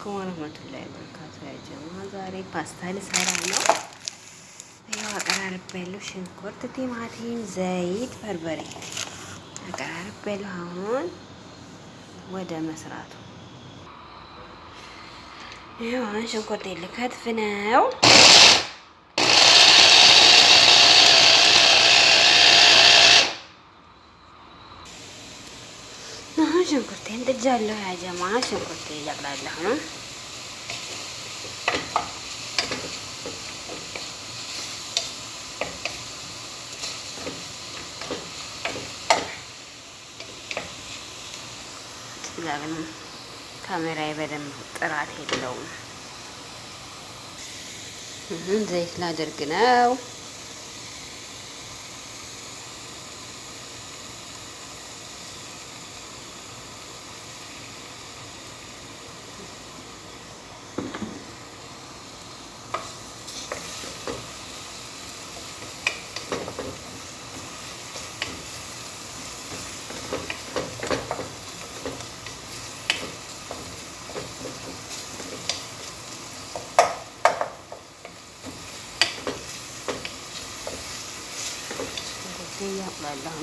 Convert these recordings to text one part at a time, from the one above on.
አለይኩም ወረህመቱላሂ ወበረካቱ። ያጀማ ዛሬ ፓስታ ልሰራ ነው። ያው አቀራርቤያለሁ፣ ሽንኩርት፣ ቲማቲም፣ ዘይት፣ በርበሬ አቀራርቤያለሁ። አሁን ወደ መስራቱ ይሁን። ሽንኩርት ልከትፍ ነው። ያ ጀማ ሽንኩርት እያቅላለሁ ነው። ግን ካሜራዬ በደንብ ጥራት የለውም። ዘይት ላደርግ ነው።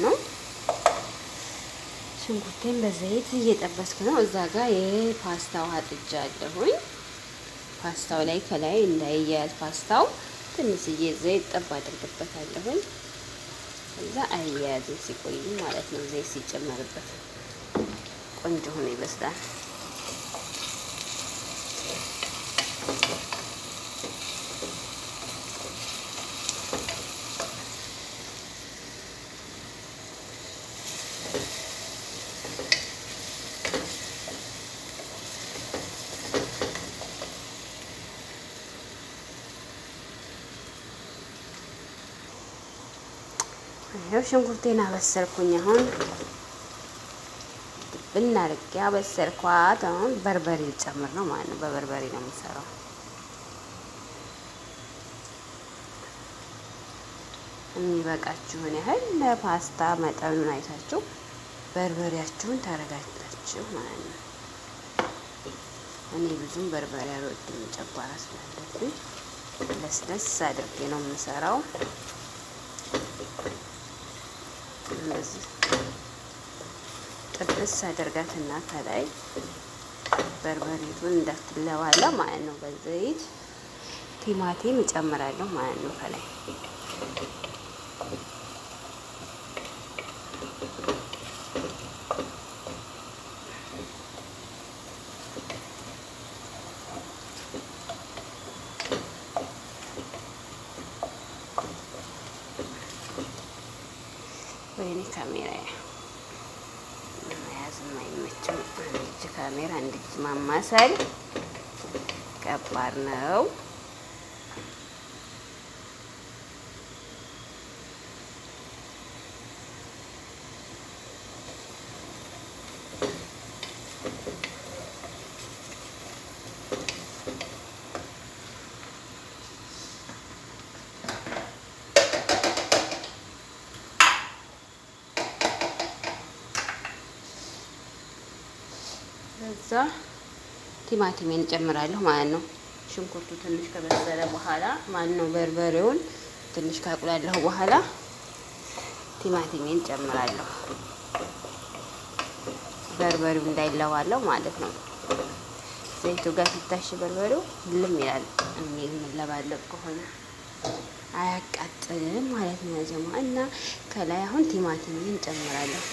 ነው። ሽንኩርቴን በዘይት እየጠበስኩ ነው። እዛ ጋር የፓስታው አጥጃ አለሁኝ። ፓስታው ላይ ከላይ እንዳይያያዝ ፓስታው ትንሽዬ ዘይት ጠብ አድርግበታለሁኝ። እዛ አያያዝም ሲቆይ ማለት ነው። ዘይት ሲጨመርበት ቆንጆ ሆኖ ይበስላል። ይኸው ሽንኩርቴን አበሰርኩኝ። አሁን ብናርቄ አበሰርኳት። አሁን በርበሬ ጨምር ነው ማለት ነው። በበርበሬ ነው የምሰራው። የሚበቃችሁን ያህል ለፓስታ መጠኑን አይታችሁ በርበሬያችሁን ታረጋላችሁ ማለት ነው። እኔ ብዙም በርበሬ አልወድም፣ ጨጓራ ስላለብኝ ለስለስ አድርጌ ነው የምሰራው። እንደዚህ ጥብስ አደርጋትና ከላይ በርበሬቱን እንዳትለባለ ማለት ነው። በዘይት ቲማቲም እጨምራለሁ ማለት ነው ከላይ ለመያዝ የማይመችም አንድ እጅ ካሜራ አንድ እጅ ማማሰል ከባድ ነው። ከዛ ቲማቲሜን እንጨምራለሁ ማለት ነው። ሽንኩርቱ ትንሽ ከበሰለ በኋላ ማለት ነው በርበሬውን ትንሽ ካቁላለሁ በኋላ ቲማቲሜን ጨምራለሁ። በርበሬው እንዳይለዋለው ማለት ነው። ዘይቱ ጋር ሲታሽ በርበሬው ልም ይላል። እኔ ለባለቅ ከሆነ አያቃጥልም ማለት ነው። ጀማ እና ከላይ አሁን ቲማቲሜን እንጨምራለሁ።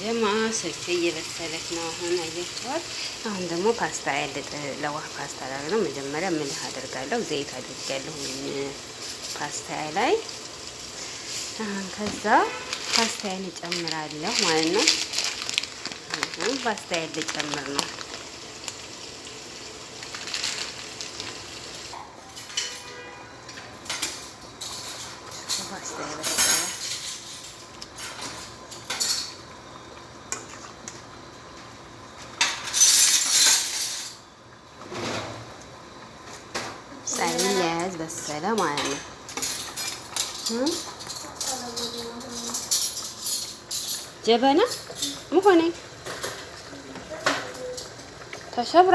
ጀማ ስልቼ እየበሰለች ነው። አሁን አያችኋት። አሁን ደግሞ ፓስታ ያለጥ ለውሃ ፓስታ ላይ ነው። መጀመሪያ ምልህ አደርጋለሁ፣ ዘይት አድርጋለሁ ፓስታ ላይ። ከዛ ፓስታዬን እጨምራለሁ ማለት ነው። ፓስታዬን ልጨምር ነው። ፓስታ Hmm? ማለት ነው። ጀበና መሆኔ ተሸብራ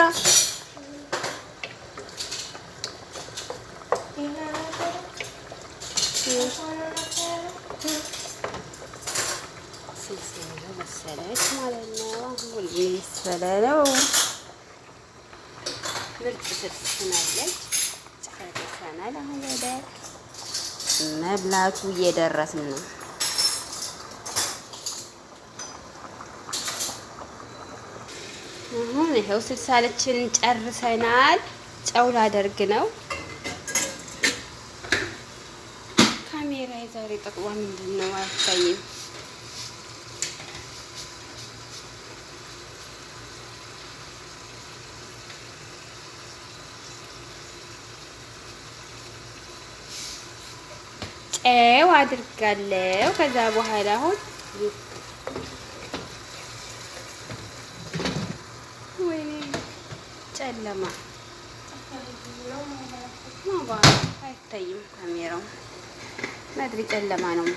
መሰለች ማለት ነው። ምርጥ ስልስ ትሆናለች። አሁን ወደ መብላቱ እየደረስን ነው። አሁን ይኸው ስልሳለችን ጨርሰናል። ጨው ላደርግ ነው። ካሜራ የዛሬ ጠቅሟ ምንድን ነው አልታይም። ጨው አድርጋለሁ። ከዛ በኋላ አሁን ወይኔ ጨለማ አይታይም ካሜራው መድሪ ጨለማ ነው።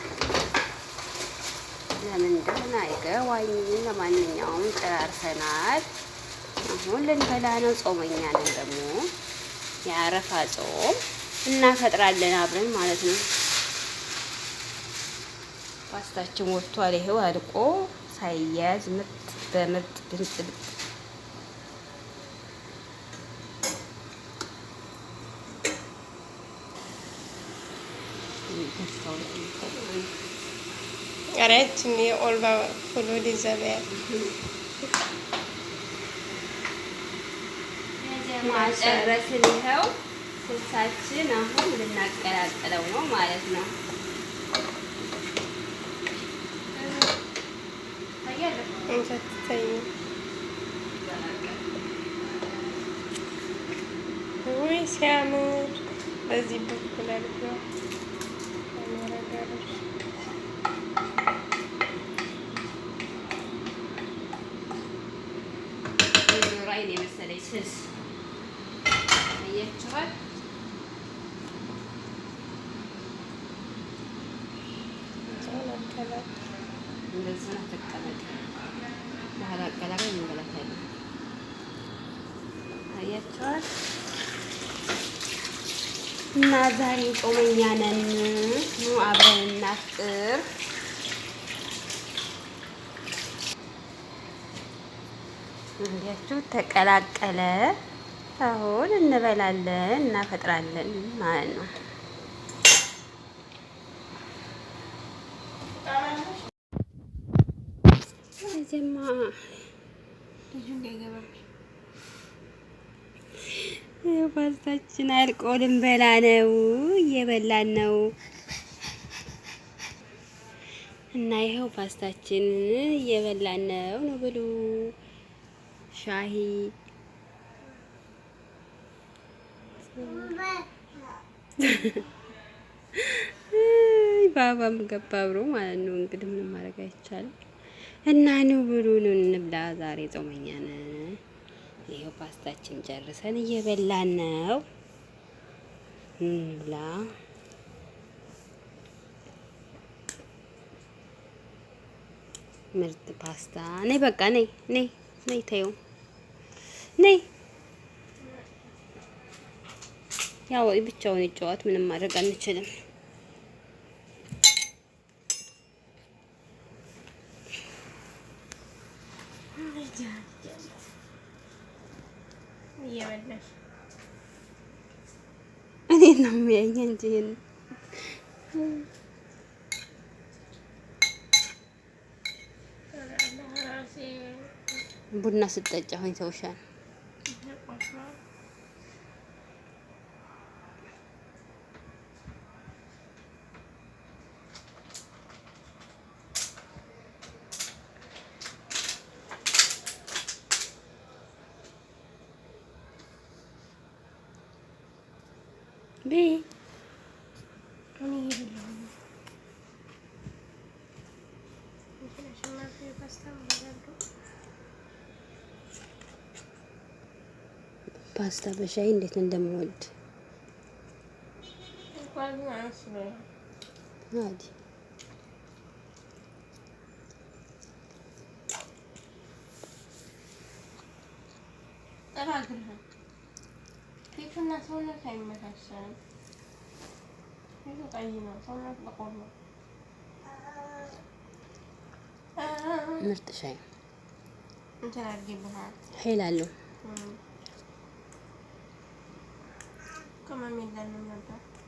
ለምን እንደሆነ አይገባኝም። ለማንኛውም ጨራርሰናል። አሁን ልንበላ ነው። ጾመኛ ነን ደግሞ የአረፋ ጾም እናፈጥራለን አብረን ማለት ነው። ፓስታችን ወጥቷል። ይሄው አልቆ ሳይያዝ ምርጥ በምርጥ ድምፅ ብጥ ቀረችን የኦልባ ሁሉ ሊዘበያ ማጨረስን ይኸው ስልሳችን አሁን ልናቀላቅለው ነው ማለት ነው። ሳትተኝ ወይ ሲያምር በዚህ በኩል አድርጎ አመረጋሮች እንደዚህ ነው ተቀመጠ። ይታያቸዋል። እና ዛሬ ጾመኛ ነን። ኑ አብረን እናፍጥር። እንዲያችሁ ተቀላቀለ። አሁን እንበላለን እናፈጥራለን ማለት ነው። እዚህማ ልጁ እንዳይገባ ፓስታችን አልቆ ልንበላ ነው። እየበላን ነው እና ይኸው ፓስታችን እየበላን ነው ነው ብሉ ሻሂ ባባም ገባ ብሮ ማለት ነው። እንግዲህ ምንም ማድረግ አይቻልም እና ኑ ብሉ ኑ እንብላ። ዛሬ ጾመኛ ነን። ይሄው ፓስታችን ጨርሰን እየበላን ነው። እንብላ። ምርጥ ፓስታ ነይ፣ በቃ ነይ፣ ነይ፣ ነይ፣ ተይው፣ ነይ። ያው ብቻውን ይጫወት፣ ምንም ማድረግ አንችልም። የሚያየኝ እንጂ ቡና ስጠጫ ሆኝ ተውሻል። বি ፓስታ በሻይ እንዴት እንደምወድ አዲ ፊታችሁና ሰውነት አይመሳሰልም። ፊቱ ቀይ ነው፣ ሰውነት ጥቁር ነው። ምርጥ ሻይ እንትን አድርጌብሻለሁ። ኃይል አለው። ቅመም የለንም ነበር